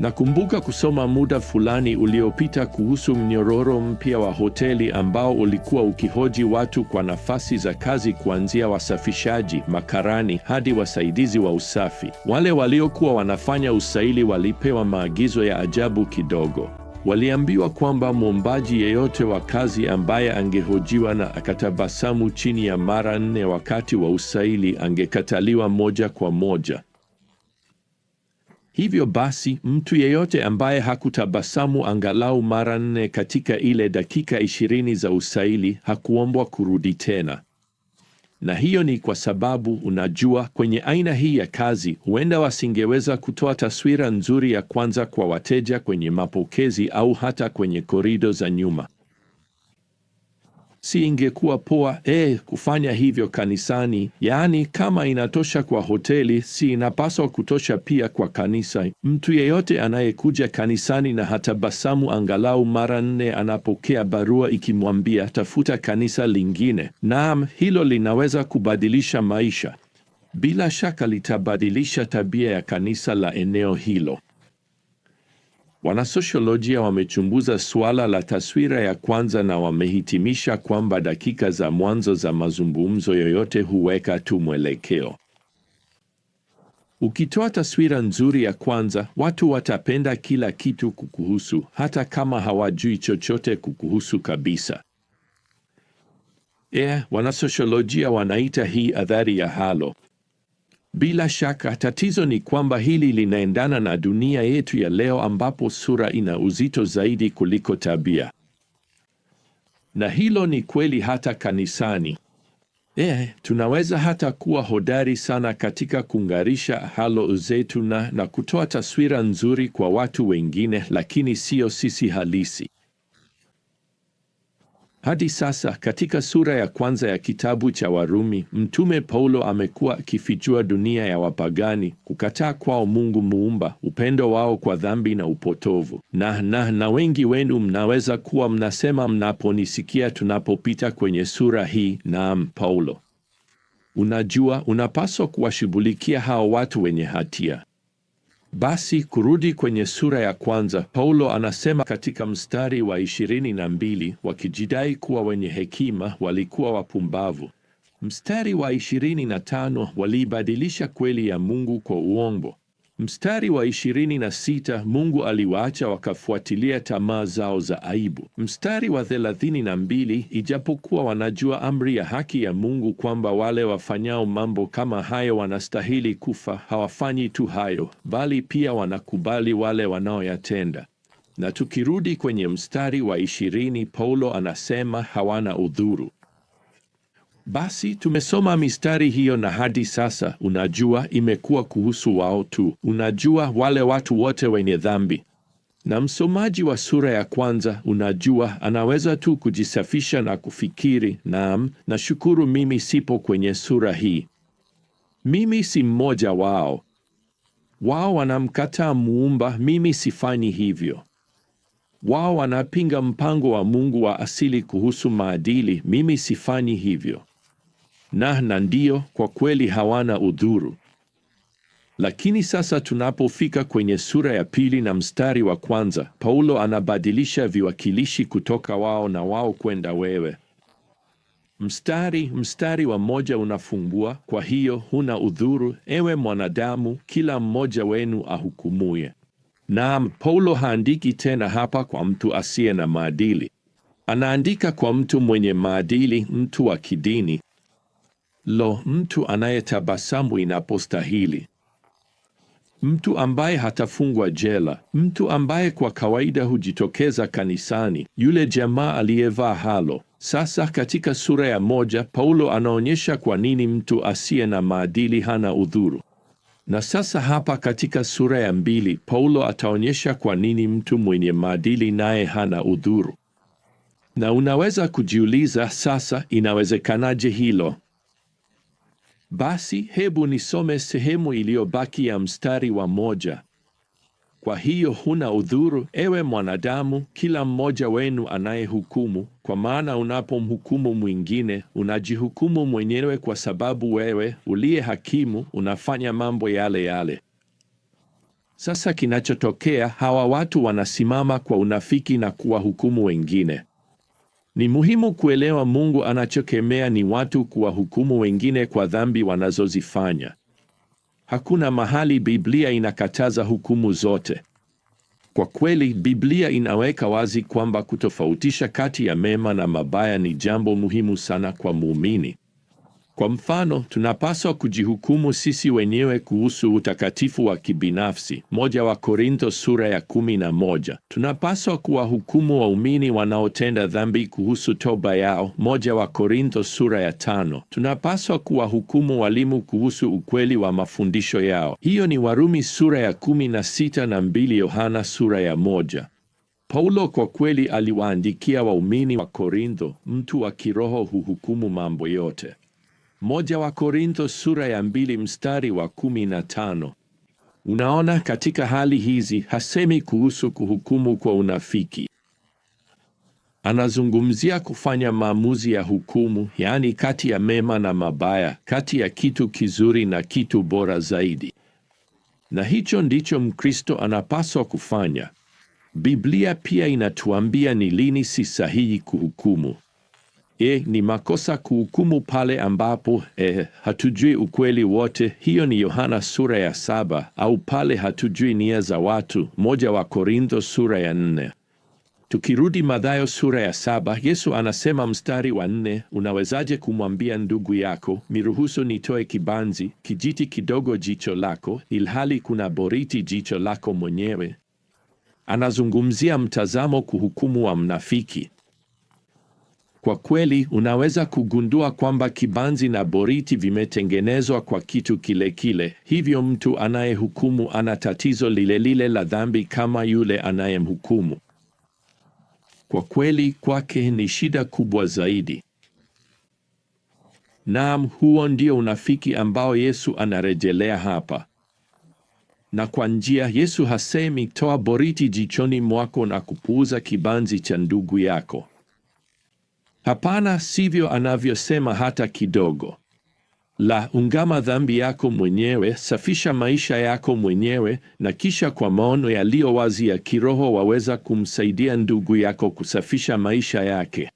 Nakumbuka kusoma muda fulani uliopita kuhusu mnyororo mpya wa hoteli ambao ulikuwa ukihoji watu kwa nafasi za kazi kuanzia wasafishaji, makarani hadi wasaidizi wa usafi. Wale waliokuwa wanafanya usaili walipewa maagizo ya ajabu kidogo. Waliambiwa kwamba mwombaji yeyote wa kazi ambaye angehojiwa na akatabasamu chini ya mara nne wakati wa usaili angekataliwa moja kwa moja. Hivyo basi, mtu yeyote ambaye hakutabasamu angalau mara nne katika ile dakika ishirini za usaili hakuombwa kurudi tena. Na hiyo ni kwa sababu unajua, kwenye aina hii ya kazi huenda wasingeweza kutoa taswira nzuri ya kwanza kwa wateja kwenye mapokezi au hata kwenye korido za nyuma si ingekuwa poa eh, kufanya hivyo kanisani? Yaani, kama inatosha kwa hoteli, si inapaswa kutosha pia kwa kanisa? Mtu yeyote anayekuja kanisani na hatabasamu angalau mara nne anapokea barua ikimwambia tafuta kanisa lingine. Naam, hilo linaweza kubadilisha maisha. Bila shaka litabadilisha tabia ya kanisa la eneo hilo. Wanasosiolojia wamechunguza suala la taswira ya kwanza na wamehitimisha kwamba dakika za mwanzo za mazungumzo yoyote huweka tu mwelekeo. Ukitoa taswira nzuri ya kwanza, watu watapenda kila kitu kukuhusu, hata kama hawajui chochote kukuhusu kabisa. E, wanasosiolojia wanaita hii athari ya halo, bila shaka tatizo ni kwamba hili linaendana na dunia yetu ya leo ambapo sura ina uzito zaidi kuliko tabia, na hilo ni kweli hata kanisani. Eh, tunaweza hata kuwa hodari sana katika kung'arisha halo zetu na na kutoa taswira nzuri kwa watu wengine, lakini sio sisi halisi. Hadi sasa katika sura ya kwanza ya kitabu cha Warumi, mtume Paulo amekuwa akifichua dunia ya wapagani, kukataa kwao Mungu muumba, upendo wao kwa dhambi na upotovu. Na na na wengi wenu mnaweza kuwa mnasema mnaponisikia tunapopita kwenye sura hii, naam Paulo, unajua unapaswa kuwashughulikia hao watu wenye hatia. Basi kurudi kwenye sura ya kwanza, Paulo anasema katika mstari wa ishirini na mbili wakijidai kuwa wenye hekima walikuwa wapumbavu. Mstari wa ishirini na tano waliibadilisha kweli ya Mungu kwa uongo. Mstari wa 26, Mungu aliwaacha wakafuatilia tamaa zao za aibu. Mstari wa 32, ijapokuwa wanajua amri ya haki ya Mungu kwamba wale wafanyao mambo kama hayo wanastahili kufa, hawafanyi tu hayo, bali pia wanakubali wale wanaoyatenda. Na tukirudi kwenye mstari wa 20, Paulo anasema hawana udhuru. Basi tumesoma mistari hiyo na hadi sasa unajua imekuwa kuhusu wao tu. Unajua wale watu wote wenye dhambi. Na msomaji wa sura ya kwanza unajua anaweza tu kujisafisha na kufikiri, naam, nashukuru mimi sipo kwenye sura hii. Mimi si mmoja wao. Wao wanamkataa muumba, mimi sifanyi hivyo. Wao wanapinga mpango wa Mungu wa asili kuhusu maadili, mimi sifanyi hivyo na na ndio kwa kweli hawana udhuru. Lakini sasa tunapofika kwenye sura ya pili na mstari wa kwanza, Paulo anabadilisha viwakilishi kutoka wao na wao kwenda wewe. Mstari mstari wa moja unafungua: kwa hiyo huna udhuru, ewe mwanadamu, kila mmoja wenu ahukumuye. Naam, Paulo haandiki tena hapa kwa mtu asiye na maadili, anaandika kwa mtu mwenye maadili, mtu wa kidini. Lo, mtu anayetabasamu inapostahili, mtu ambaye hatafungwa jela, mtu ambaye kwa kawaida hujitokeza kanisani, yule jamaa aliyevaa halo. Sasa katika sura ya moja Paulo anaonyesha kwa nini mtu asiye na maadili hana udhuru, na sasa hapa katika sura ya mbili Paulo ataonyesha kwa nini mtu mwenye maadili naye hana udhuru. Na unaweza kujiuliza sasa, inawezekanaje hilo? Basi hebu nisome sehemu iliyobaki ya mstari wa moja. Kwa hiyo huna udhuru, ewe mwanadamu, kila mmoja wenu anayehukumu, kwa maana unapomhukumu mwingine unajihukumu mwenyewe, kwa sababu wewe uliye hakimu unafanya mambo yale yale. Sasa kinachotokea, hawa watu wanasimama kwa unafiki na kuwahukumu wengine. Ni muhimu kuelewa Mungu anachokemea ni watu kuwahukumu wengine kwa dhambi wanazozifanya. Hakuna mahali Biblia inakataza hukumu zote. Kwa kweli, Biblia inaweka wazi kwamba kutofautisha kati ya mema na mabaya ni jambo muhimu sana kwa muumini. Kwa mfano, tunapaswa kujihukumu sisi wenyewe kuhusu utakatifu wa kibinafsi. Moja wa Korinto sura ya kumi na moja. Tunapaswa kuwahukumu waumini wanaotenda dhambi kuhusu toba yao. Moja wa Korinto sura ya tano. Tunapaswa kuwahukumu walimu kuhusu ukweli wa mafundisho yao. Hiyo ni Warumi sura ya kumi na sita na mbili Yohana sura ya moja. Paulo kwa kweli aliwaandikia waumini wa Korintho, mtu wa kiroho huhukumu mambo yote. Moja wa Korintho sura ya mbili mstari wa kumi na tano. Unaona, katika hali hizi hasemi kuhusu kuhukumu kwa unafiki. Anazungumzia kufanya maamuzi ya hukumu, yaani kati ya mema na mabaya, kati ya kitu kizuri na kitu bora zaidi, na hicho ndicho Mkristo anapaswa kufanya. Biblia pia inatuambia ni lini si sahihi kuhukumu. E, ni makosa kuhukumu pale ambapo e, hatujui ukweli wote. Hiyo ni Yohana sura ya saba, au pale hatujui nia za watu, moja wa Korintho sura ya nne. Tukirudi Mathayo sura ya saba, Yesu anasema mstari wa nne, unawezaje kumwambia ndugu yako niruhusu nitoe kibanzi kijiti kidogo jicho lako, ilhali kuna boriti jicho lako mwenyewe? Anazungumzia mtazamo kuhukumu wa mnafiki. Kwa kweli unaweza kugundua kwamba kibanzi na boriti vimetengenezwa kwa kitu kile kile, hivyo mtu anayehukumu ana tatizo lile lile la dhambi kama yule anayemhukumu. Kwa kweli kwake ni shida kubwa zaidi. Naam, huo ndio unafiki ambao Yesu anarejelea hapa. Na kwa njia, Yesu hasemi toa boriti jichoni mwako na kupuuza kibanzi cha ndugu yako. Hapana, sivyo anavyosema hata kidogo. La, ungama dhambi yako mwenyewe, safisha maisha yako mwenyewe, na kisha kwa maono yaliyo wazi ya kiroho waweza kumsaidia ndugu yako kusafisha maisha yake.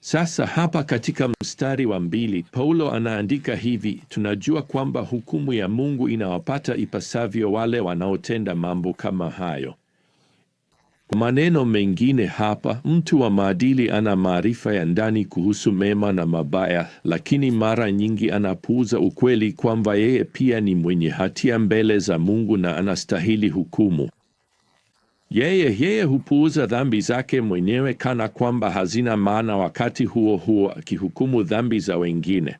Sasa hapa katika mstari wa mbili Paulo anaandika hivi: tunajua kwamba hukumu ya Mungu inawapata ipasavyo wale wanaotenda mambo kama hayo. Kwa maneno mengine hapa, mtu wa maadili ana maarifa ya ndani kuhusu mema na mabaya, lakini mara nyingi anapuuza ukweli kwamba yeye pia ni mwenye hatia mbele za Mungu na anastahili hukumu. Yeye yeye hupuuza dhambi zake mwenyewe kana kwamba hazina maana, wakati huo huo akihukumu dhambi za wengine.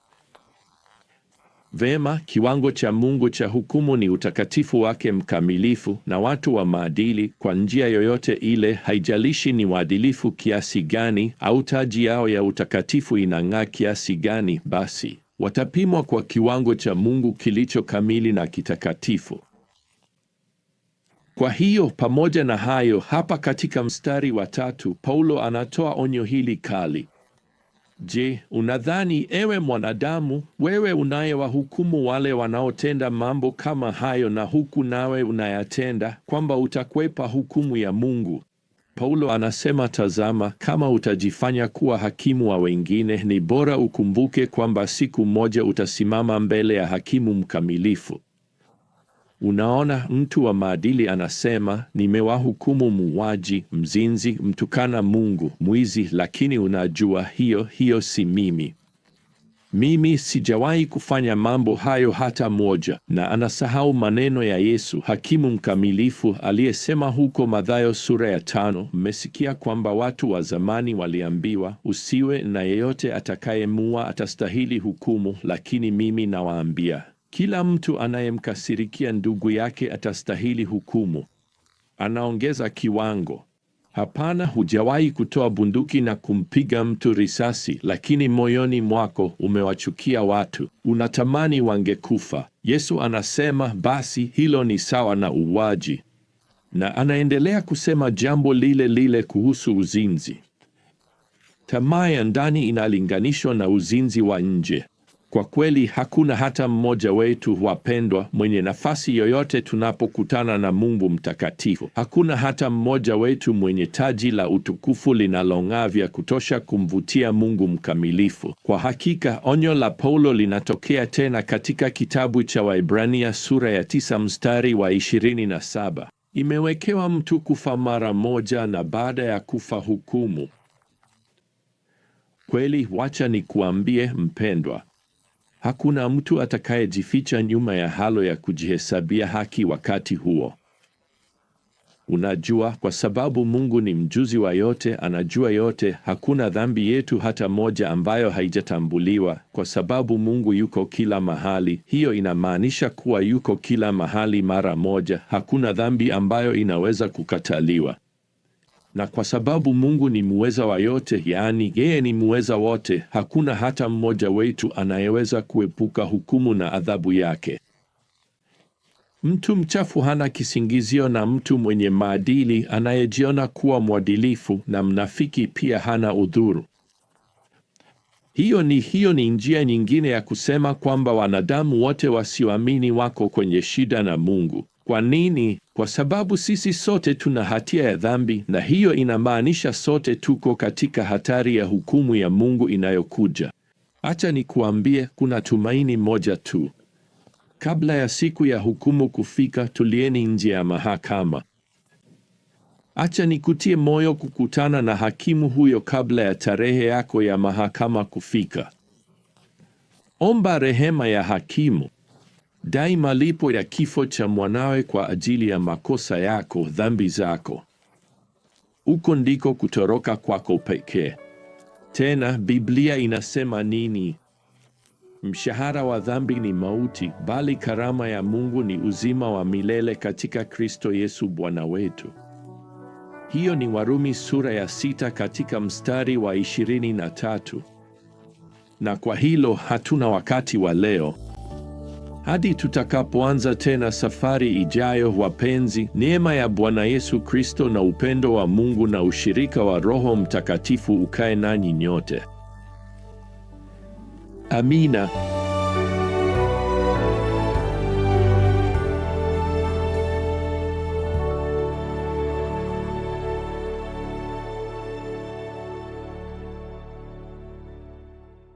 Vema, kiwango cha Mungu cha hukumu ni utakatifu wake mkamilifu, na watu wa maadili kwa njia yoyote ile, haijalishi ni waadilifu kiasi gani au taji yao ya utakatifu inang'aa kiasi gani, basi watapimwa kwa kiwango cha Mungu kilicho kamili na kitakatifu. Kwa hiyo pamoja na hayo, hapa katika mstari wa tatu Paulo anatoa onyo hili kali: Je, unadhani ewe mwanadamu, wewe unayewahukumu wale wanaotenda mambo kama hayo na huku nawe unayatenda, kwamba utakwepa hukumu ya Mungu? Paulo anasema tazama, kama utajifanya kuwa hakimu wa wengine, ni bora ukumbuke kwamba siku moja utasimama mbele ya hakimu mkamilifu. Unaona, mtu wa maadili anasema, nimewahukumu muuaji, mzinzi, mtukana Mungu, mwizi, lakini unajua, hiyo hiyo si mimi. Mimi sijawahi kufanya mambo hayo hata moja. Na anasahau maneno ya Yesu hakimu mkamilifu aliyesema huko Mathayo sura ya tano, mmesikia kwamba watu wa zamani waliambiwa, usiwe na yeyote atakayemua atastahili hukumu, lakini mimi nawaambia kila mtu anayemkasirikia ndugu yake atastahili hukumu. Anaongeza kiwango. Hapana, hujawahi kutoa bunduki na kumpiga mtu risasi, lakini moyoni mwako umewachukia watu, unatamani wangekufa. Yesu anasema basi hilo ni sawa na uwaji, na anaendelea kusema jambo lile lile kuhusu uzinzi. Tamaa ya ndani inalinganishwa na uzinzi wa nje. Kwa kweli hakuna hata mmoja wetu wapendwa, mwenye nafasi yoyote tunapokutana na Mungu mtakatifu. Hakuna hata mmoja wetu mwenye taji la utukufu linalong'aa vya kutosha kumvutia Mungu mkamilifu. Kwa hakika, onyo la Paulo linatokea tena katika kitabu cha Waibrania sura ya tisa mstari wa ishirini na saba imewekewa mtu kufa mara moja na baada ya kufa hukumu. Kweli, wacha nikuambie mpendwa Hakuna mtu atakayejificha nyuma ya halo ya kujihesabia haki wakati huo. Unajua, kwa sababu Mungu ni mjuzi wa yote, anajua yote. Hakuna dhambi yetu hata moja ambayo haijatambuliwa, kwa sababu Mungu yuko kila mahali. Hiyo inamaanisha kuwa yuko kila mahali mara moja. Hakuna dhambi ambayo inaweza kukataliwa na kwa sababu Mungu ni muweza wa yote, yaani yeye ni muweza wote, hakuna hata mmoja wetu anayeweza kuepuka hukumu na adhabu yake. Mtu mchafu hana kisingizio, na mtu mwenye maadili anayejiona kuwa mwadilifu na mnafiki pia hana udhuru. Hiyo ni hiyo ni njia nyingine ya kusema kwamba wanadamu wote wasioamini wako kwenye shida na Mungu. Kwa nini? Kwa sababu sisi sote tuna hatia ya dhambi, na hiyo inamaanisha sote tuko katika hatari ya hukumu ya Mungu inayokuja. Acha nikuambie, kuna tumaini moja tu. Kabla ya siku ya hukumu kufika, tulieni nje ya mahakama. Acha nikutie moyo kukutana na hakimu huyo kabla ya tarehe yako ya mahakama kufika. Omba rehema ya hakimu dai malipo ya kifo cha mwanawe kwa ajili ya makosa yako, dhambi zako. Uko ndiko kutoroka kwako pekee. Tena Biblia inasema nini? Mshahara wa dhambi ni mauti, bali karama ya Mungu ni uzima wa milele katika Kristo Yesu Bwana wetu. Hiyo ni Warumi sura ya sita katika mstari wa ishirini na tatu. Na kwa hilo hatuna wakati wa leo. Hadi tutakapoanza tena safari ijayo, wapenzi, neema ya Bwana Yesu Kristo na upendo wa Mungu na ushirika wa Roho Mtakatifu ukae nanyi nyote. Amina.